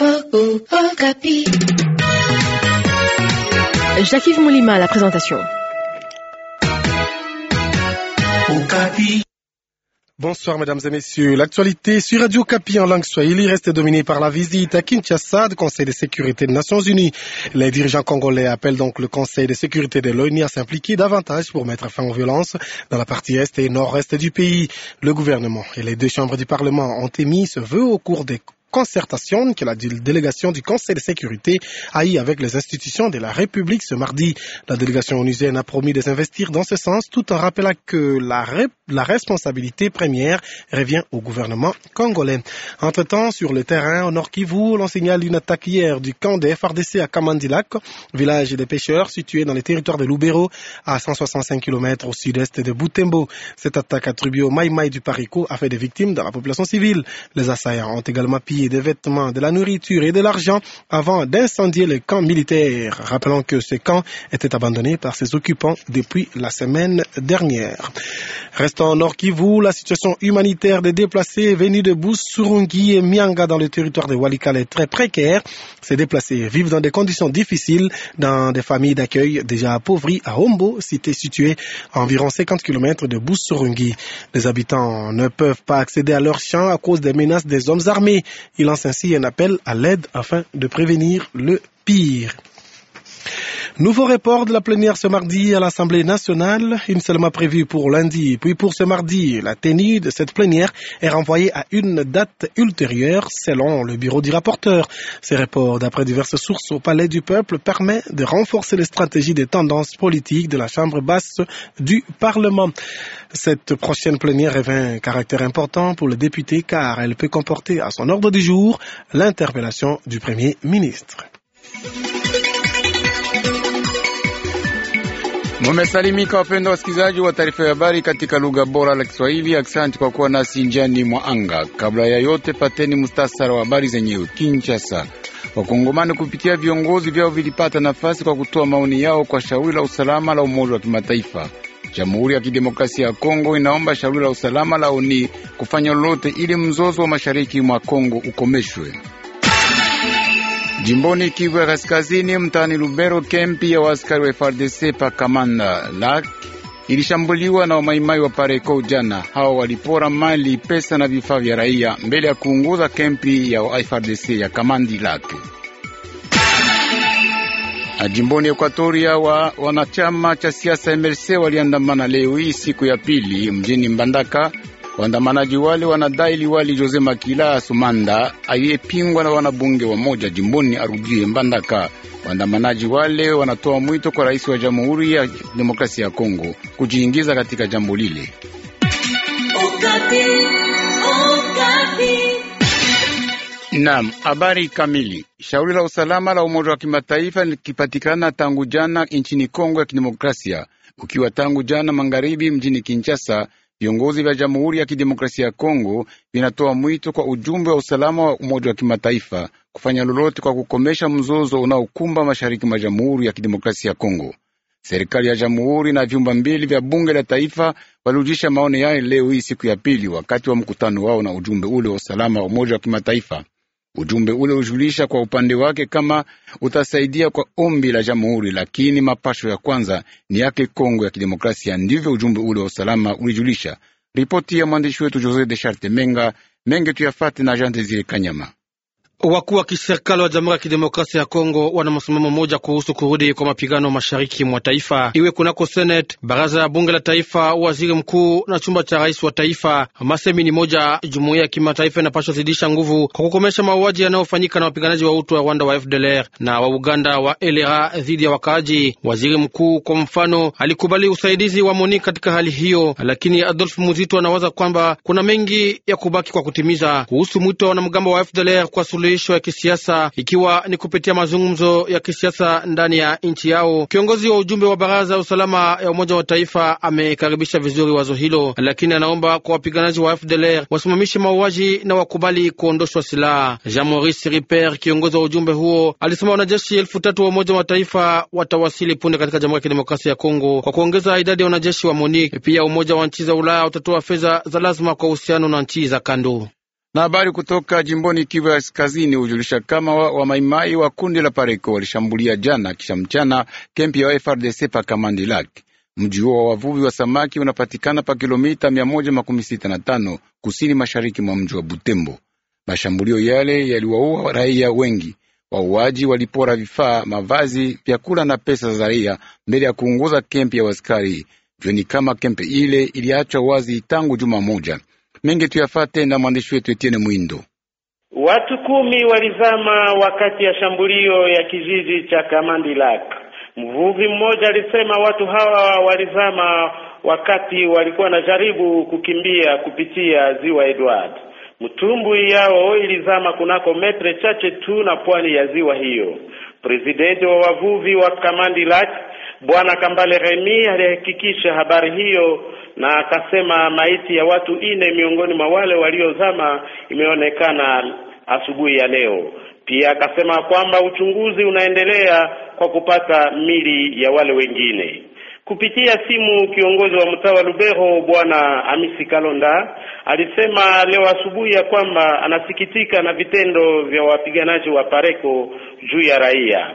Oh, oh, oh, jacques à la présentation. Bonsoir mesdames et messieurs. L'actualité sur Radio Capi en langue swahili reste dominée par la visite à Kinshasa du Conseil de sécurité des Nations Unies. Les dirigeants congolais appellent donc le Conseil de sécurité de l'ONU à s'impliquer davantage pour mettre fin aux violences dans la partie est et nord-est du pays. Le gouvernement et les deux chambres du Parlement ont émis ce vœu au cours des concertation que la délégation du Conseil de sécurité a eu avec les institutions de la République ce mardi. La délégation onusienne a promis de s'investir dans ce sens tout en rappelant que la, responsabilité première revient au gouvernement congolais. Entre-temps, sur le terrain au nord Kivu, l'on signale une attaque hier du camp des FRDC à Kamandilak, village des pêcheurs situé dans les territoires de Lubero à 165 km au sud-est de Butembo. Cette attaque attribuée au Maïmaï du Parico a fait des victimes dans la population civile. Les assaillants ont également pillé des vêtements, de la nourriture et de l'argent avant d'incendier le camp militaire. Rappelons que ce camp était abandonné par ses occupants depuis la semaine dernière. Restons en Nord Kivu, la situation humanitaire des déplacés venus de Boussourungui et Mianga dans le territoire de Walikale est très précaire. Ces déplacés vivent dans des conditions difficiles dans des familles d'accueil déjà appauvries à Hombo, cité située à environ 50 km de Boussourungui. Les habitants ne peuvent pas accéder à leurs champs à cause des menaces des hommes armés. Il lance ainsi un appel à l'aide afin de prévenir le pire. Nouveau report de la plénière ce mardi à l'Assemblée nationale, une seulement prévue pour lundi, puis pour ce mardi. La tenue de cette plénière est renvoyée à une date ultérieure, selon le bureau du rapporteur. Ces reports, d'après diverses sources au Palais du Peuple, permet de renforcer les stratégies des tendances politiques de la Chambre basse du Parlement. Cette prochaine plénière revêt un caractère important pour le député car elle peut comporter à son ordre du jour l'interpellation du Premier ministre. Mumesalimika wapendwa wasikilizaji wa taarifa ya habari katika lugha bora la Kiswahili. Aksanti kwa kuwa nasi njiani mwa anga. Kabla ya yote, pateni mustasara wa habari zenyewe. Kinshasa, wakongomani kupitia viongozi vyao vilipata nafasi kwa kutoa maoni yao kwa shauri la usalama la Umoja wa Kimataifa. Jamhuri ya Kidemokrasia ya Kongo inaomba shauri la usalama la ONU kufanya lolote ili mzozo wa mashariki mwa Kongo ukomeshwe. Jimboni Kivu ya Kaskazini, mtaani Lubero, kempi ya waaskari wa frdc pa Kamanda Lak ilishambuliwa na wamaimai wa Pareko jana. Hao walipora mali, pesa na vifaa vya raia mbele ya kuunguza kempi ya FARDC ya Kamandi Lak. Jimboni Ekuatoria wa wanachama cha siasa MLC waliandamana leo hii siku ya pili mjini Mbandaka Waandamanaji wale wanadai liwali Jose Makila Sumanda aliyepingwa na wanabunge wa moja jimboni arudie Mbandaka. Waandamanaji wale wanatoa mwito kwa rais wa Jamhuri ya Demokrasia ya Kongo kujiingiza katika jambo lile. Naam, habari kamili. Shauri la usalama la Umoja wa Kimataifa likipatikana tangu jana nchini Kongo ya Kidemokrasia, ukiwa tangu jana magharibi mjini Kinshasa Viongozi vya Jamhuri ya Kidemokrasia ya Kongo vinatoa mwito kwa ujumbe wa usalama wa Umoja wa Kimataifa kufanya lolote kwa kukomesha mzozo unaokumba mashariki mwa Jamhuri ya Kidemokrasia ya Kongo. Serikali ya jamhuri na vyumba mbili vya bunge la taifa walirudisha maoni yao leo hii siku ya pili, wakati wa mkutano wao na ujumbe ule wa usalama wa Umoja wa Kimataifa. Ujumbe ule ujulisha kwa upande wake kama utasaidia kwa ombi la jamhuri, lakini mapasho ya kwanza ni yake Kongo ya Kidemokrasia. Ndivyo ujumbe ule wa usalama ulijulisha. Ripoti ya mwandishi wetu Jose de Charte Menga Menge tuyafate na Jean Desire Kanyama. Wakuu wa kiserikali wa Jamhuri ya Kidemokrasia ya Kongo wana msimamo mmoja kuhusu kurudi kwa mapigano mashariki mwa taifa, iwe kunako Senate, baraza ya bunge la taifa, waziri mkuu na chumba cha rais wa taifa. Masemi ni moja, jumuiya ya kimataifa inapaswa zidisha nguvu kwa kukomesha mauaji yanayofanyika na wapiganaji wa utu wa Rwanda wa FDLR na wa Uganda wa LRA dhidi ya wakaaji. Waziri mkuu kwa mfano alikubali usaidizi wa MONUC katika hali hiyo, lakini Adolf Muzito anawaza kwamba kuna mengi ya kubaki kwa kutimiza kuhusu mwito na mgambo wa FDLR kwa suluhu suluhisho ya kisiasa, ikiwa ni kupitia mazungumzo ya kisiasa ndani ya nchi yao. Kiongozi wa ujumbe wa baraza ya usalama ya Umoja wa Taifa amekaribisha vizuri wazo hilo, lakini anaomba kwa wapiganaji wa FDLR wasimamishe mauaji na wakubali kuondoshwa silaha. Jean Maurice Ripert, kiongozi wa ujumbe huo, alisema wanajeshi elfu tatu wa Umoja wa Taifa watawasili punde katika Jamhuri ya Kidemokrasia ya Kongo kwa kuongeza idadi ya wanajeshi wa MONUC. Pia Umoja wa Nchi za Ulaya utatoa fedha za lazima kwa uhusiano na nchi za kando na habari kutoka jimboni Kivu ya Kaskazini hujulisha kama wa, wa wa kundi la Pareko walishambulia jana kisha mchana kempi ya FRDC pa Kamandi Lake. Mji huo wa wavuvi wa samaki unapatikana pa kilomita 165 kusini mashariki mwa mji wa Butembo. Mashambulio yale yaliwaua raia wengi. Wauaji walipora vifaa, mavazi, vyakula na pesa za raia mbele ya kuunguza kempi ya waskari. Vyoni kama kempi ile iliachwa wazi tangu juma moja mengi tuyafate na mwandishi wetu Etienne Mwindo. Watu kumi walizama wakati ya shambulio ya kijiji cha Kamandilak. Mvuvi mmoja alisema watu hawa walizama wakati walikuwa wanajaribu kukimbia kupitia ziwa Edward. Mtumbwi yao ilizama kunako metre chache tu na pwani ya ziwa hiyo. Presidenti wa wavuvi wa Kamandilak Bwana Kambale Remi alihakikisha habari hiyo na akasema maiti ya watu ine miongoni mwa wale waliozama imeonekana asubuhi ya leo. Pia akasema kwamba uchunguzi unaendelea kwa kupata mili ya wale wengine. Kupitia simu, kiongozi wa mtaa wa Lubero Bwana Hamisi Kalonda alisema leo asubuhi ya kwamba anasikitika na vitendo vya wapiganaji wa Pareko juu ya raia.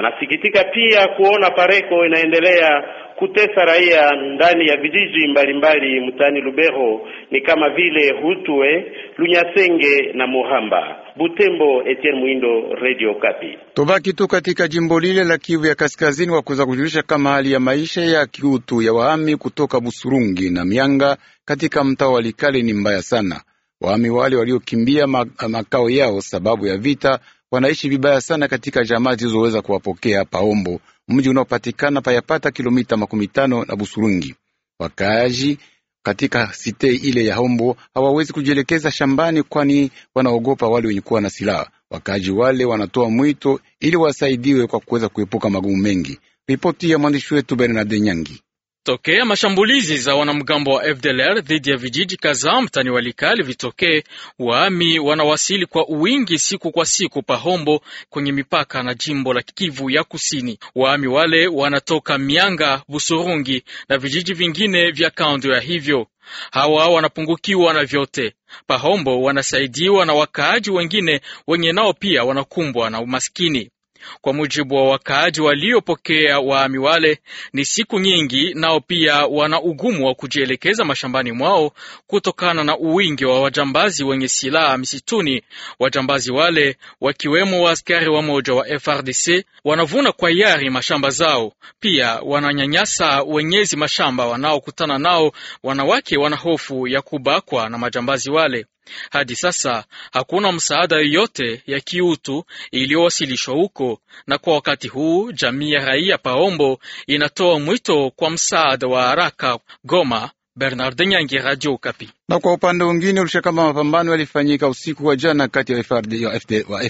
Anasikitika pia kuona Pareko inaendelea kutesa raia ndani ya vijiji mbalimbali mtaani Lubero ni kama vile Hutwe, Lunyasenge na Muhamba. Butembo, Etienne Mwindo, Radio Kapi. Tobaki tu katika jimbo lile la Kivu ya Kaskazini wa kuweza kujulisha kama hali ya maisha ya kiutu ya wahami kutoka Busurungi na Mianga katika mtaa wa Likale ni mbaya sana. Wahami wale waliokimbia makao yao sababu ya vita wanaishi vibaya sana katika jamaa zilizoweza kuwapokea Paombo, mji unaopatikana payapata kilomita makumi tano na Busurungi. Wakaaji katika sitei ile ya Hombo hawawezi kujielekeza shambani, kwani wanaogopa wale wenye kuwa na silaha. Wakaaji wale wanatoa mwito ili wasaidiwe kwa kuweza kuepuka magumu mengi. Ripoti ya mwandishi wetu Bernard Nyangi tokea mashambulizi za wanamgambo wa FDLR dhidi ya vijiji kadhaa mtani Walikali vitokee, waami wanawasili kwa uwingi siku kwa siku Pahombo kwenye mipaka na jimbo la Kivu ya Kusini. Waami wale wanatoka Mianga, Busurungi na vijiji vingine vya kando ya hivyo. Hawa wanapungukiwa na vyote Pahombo, wanasaidiwa na wakaaji wengine wenye nao pia wanakumbwa na umaskini. Kwa mujibu wa wakaaji waliopokea waami wale, ni siku nyingi, nao pia wana ugumu wa kujielekeza mashambani mwao kutokana na uwingi wa wajambazi wenye silaha misituni. Wajambazi wale wakiwemo waaskari wamoja wa FRDC wanavuna kwa yari mashamba zao, pia wananyanyasa wenyezi mashamba wanaokutana nao. Wanawake wana hofu ya kubakwa na majambazi wale. Hadi sasa hakuna msaada yoyote ya kiutu iliyowasilishwa huko, na kwa wakati huu jamii ya raia Paombo inatoa mwito kwa msaada wa haraka. Goma, Bernard Nyangi, Radio Okapi. Na kwa upande mwingine, ulisha kama mapambano yalifanyika usiku wa jana kati ya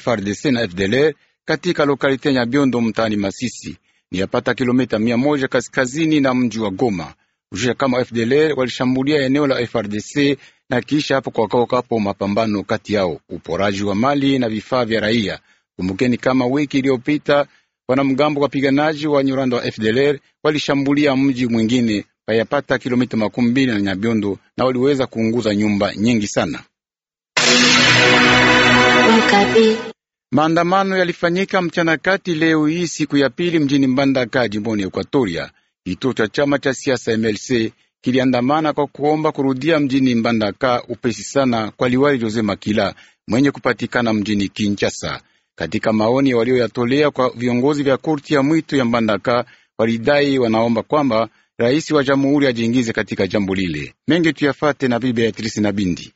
FRDC na FDLR katika lokalite ya Biondo mtaani Masisi, ni yapata kilomita mia moja kaskazini na mji wa Goma kushia kama FDLR walishambulia eneo la FRDC na kisha hapo kwakaokapo mapambano kati yao, uporaji wa mali na vifaa vya raia. Kumbukeni kama wiki iliyopita wanamgambo wapiganaji wa Nyurando wa FDLR walishambulia mji mwingine payapata kilomita makumi mbili na Nyabiondo na waliweza kuunguza nyumba nyingi sana. Maandamano yalifanyika mchana kati leo hii siku ya pili mjini Mbandaka, jimboni Ekwatoria. Kituo cha chama cha siasa MLC kiliandamana kwa kuomba kurudia mjini Mbandaka upesi sana kwa liwali Jose Makila mwenye kupatikana mjini Kinshasa. Katika maoni walioyatolea kwa viongozi vya korti ya mwito ya Mbandaka, walidai wanaomba kwamba rais wa jamhuri ajiingize katika jambo lile. Mengi tuyafate na Bibi Beatrice na Bindi.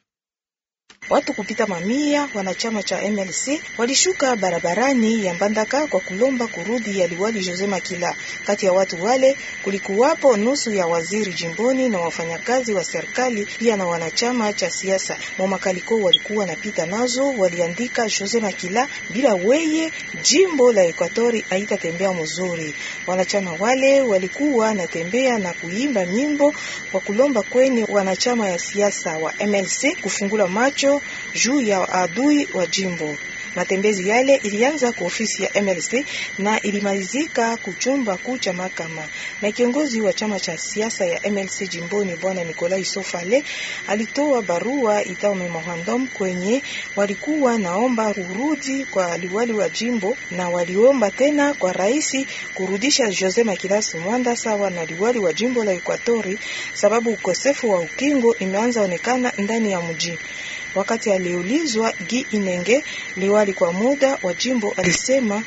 Watu kupita mamia wanachama cha MLC walishuka barabarani ya Mbandaka kwa kulomba kurudi ya liwali Jose Makila. Kati ya watu wale kulikuwapo nusu ya waziri jimboni na wafanyakazi wa serikali pia na wanachama cha siasa. Mwamakaliko walikuwa napita nazo waliandika Jose Makila bila weye jimbo la Ekwatori haitatembea mzuri. Wanachama wale walikuwa natembea na kuimba nyimbo kwa kulomba kwenye wanachama ya siasa wa MLC kufungula macho juu ya adui wa jimbo. Matembezi yale ilianza kwa ofisi ya MLC na ilimalizika kuchumba kuu cha mahakama. Na kiongozi wa chama cha siasa ya MLC jimboni Bwana Nikolai Sofale alitoa barua itao memorandum kwenye walikuwa naomba kurudi kwa liwali wa jimbo na waliomba tena kwa rais kurudisha Jose Makilas Mwanda sawa na liwali wa jimbo la Ekwatori, sababu ukosefu wa ukingo imeanza onekana ndani ya mji. Wakati aliulizwa Gi Inenge, liwali kwa muda wa jimbo, alisema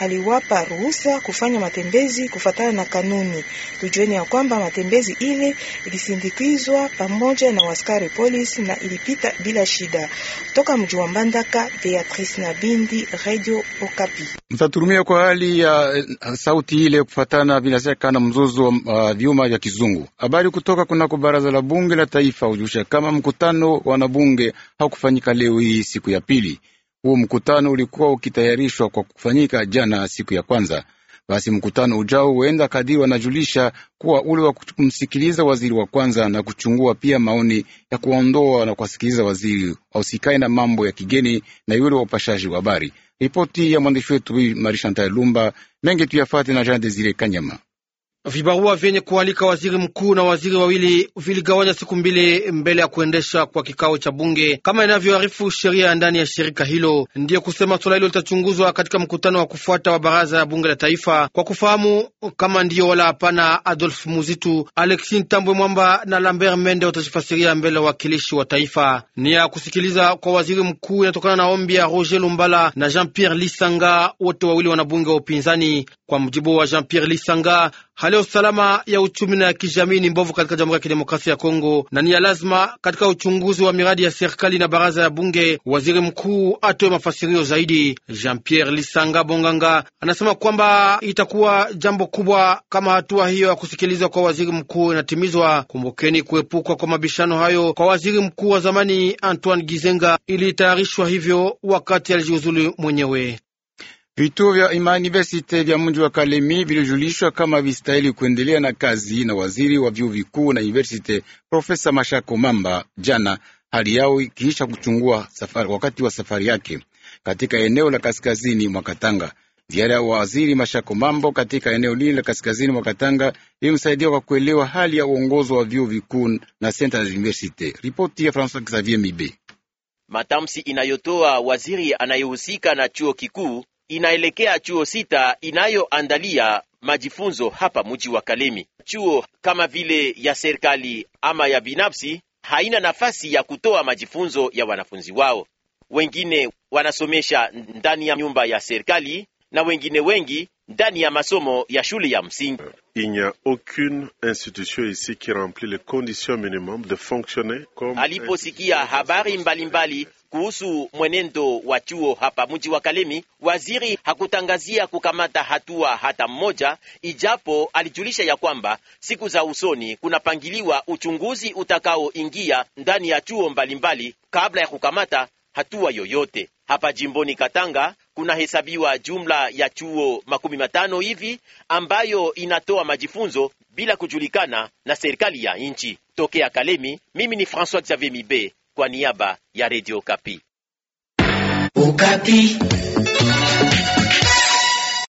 aliwapa ruhusa kufanya matembezi kufatana na kanuni. Tujueni ya kwamba matembezi ile ilisindikizwa pamoja na waskari polisi na ilipita bila shida. Toka mji wa Mbandaka, Beatrice Nabindi, Radio Okapi. Mtaturumia kwa hali ya uh, sauti ile kufatana bila shaka na mzozo wa uh, vyuma vya kizungu. Habari kutoka kunako baraza la bunge la taifa hujusha kama mkutano wa wanabunge haukufanyika leo hii siku ya pili. Huo mkutano ulikuwa ukitayarishwa kwa kufanyika jana siku ya kwanza. Basi mkutano ujao huenda kadiri wanajulisha kuwa ule wa kumsikiliza waziri wa kwanza na kuchungua pia maoni ya kuondoa na kuwasikiliza waziri wahusikae na mambo ya kigeni na yule wa upashaji wa habari. Ripoti ya mwandishi wetu Marishantae Lumba mengi tuyafate na Jean Desire Kanyama. Vibarua vyenye kualika waziri mkuu na waziri wawili viligawanya siku mbili mbele ya kuendesha kwa kikao cha bunge kama inavyoarifu sheria ya ndani ya shirika hilo. Ndiyo kusema swala hilo litachunguzwa katika mkutano wa kufuata wa baraza ya bunge la taifa kwa kufahamu kama ndiyo wala hapana. Adolf Muzitu, Alexi Ntambwe Mwamba na Lambert Mende watajifasiria mbele ya wakilishi wa taifa. Ni ya kusikiliza kwa waziri mkuu inatokana na ombi ya Roger Lumbala na Jean Pierre Lisanga, wote wawili wanabunge wa upinzani. Kwa mjibu wa Jean Pierre Lisanga Hali ya usalama ya uchumi na ya kijamii ni mbovu katika Jamhuri ya Kidemokrasia ya Kongo na ni ya lazima katika uchunguzi wa miradi ya serikali na baraza ya bunge, waziri mkuu atoe mafasirio zaidi. Jean Pierre Lisanga Bonganga anasema kwamba itakuwa jambo kubwa kama hatua hiyo ya kusikilizwa kwa waziri mkuu inatimizwa. Kumbukeni kuepukwa kwa mabishano hayo kwa waziri mkuu wa zamani Antoine Gizenga ilitayarishwa hivyo wakati alijiuzulu mwenyewe. Vituo vya mauniversite vya mji wa Kalemi vilijulishwa kama vistahili kuendelea na kazi na waziri wa vyuo vikuu na universite Profesa Mashako Mamba jana, hali yao ikiisha kuchungua safari, wakati wa safari yake katika eneo la kaskazini mwa Katanga. Ziara ya waziri Mashako Mambo katika eneo lile la kaskazini mwa Katanga ilimsaidia kwa kuelewa hali ya uongozo wa vyuo vikuu na Central University. Ripoti ya Francois Xavier Mibe. Matamsi inayotoa waziri anayehusika na chuo kikuu inaelekea chuo sita inayoandalia majifunzo hapa mji wa Kalemi. Chuo kama vile ya serikali ama ya binafsi haina nafasi ya kutoa majifunzo ya wanafunzi wao. Wengine wanasomesha ndani ya nyumba ya serikali na wengine wengi ndani ya masomo ya shule ya msingi. Il n'y a aucune institution ici qui remplit les conditions minimum de fonctionner comme. Aliposikia habari mbalimbali kuhusu mwenendo wa chuo hapa mji wa Kalemi, waziri hakutangazia kukamata hatua hata mmoja, ijapo alijulisha ya kwamba siku za usoni kunapangiliwa uchunguzi utakaoingia ndani ya chuo mbalimbali mbali kabla ya kukamata hatua yoyote. Hapa jimboni Katanga kunahesabiwa jumla ya chuo makumi matano hivi ambayo inatoa majifunzo bila kujulikana na serikali ya nchi. Tokea Kalemi, mimi ni François Xavier Mibe kwa niaba ya Radio Kapi. Ukapi.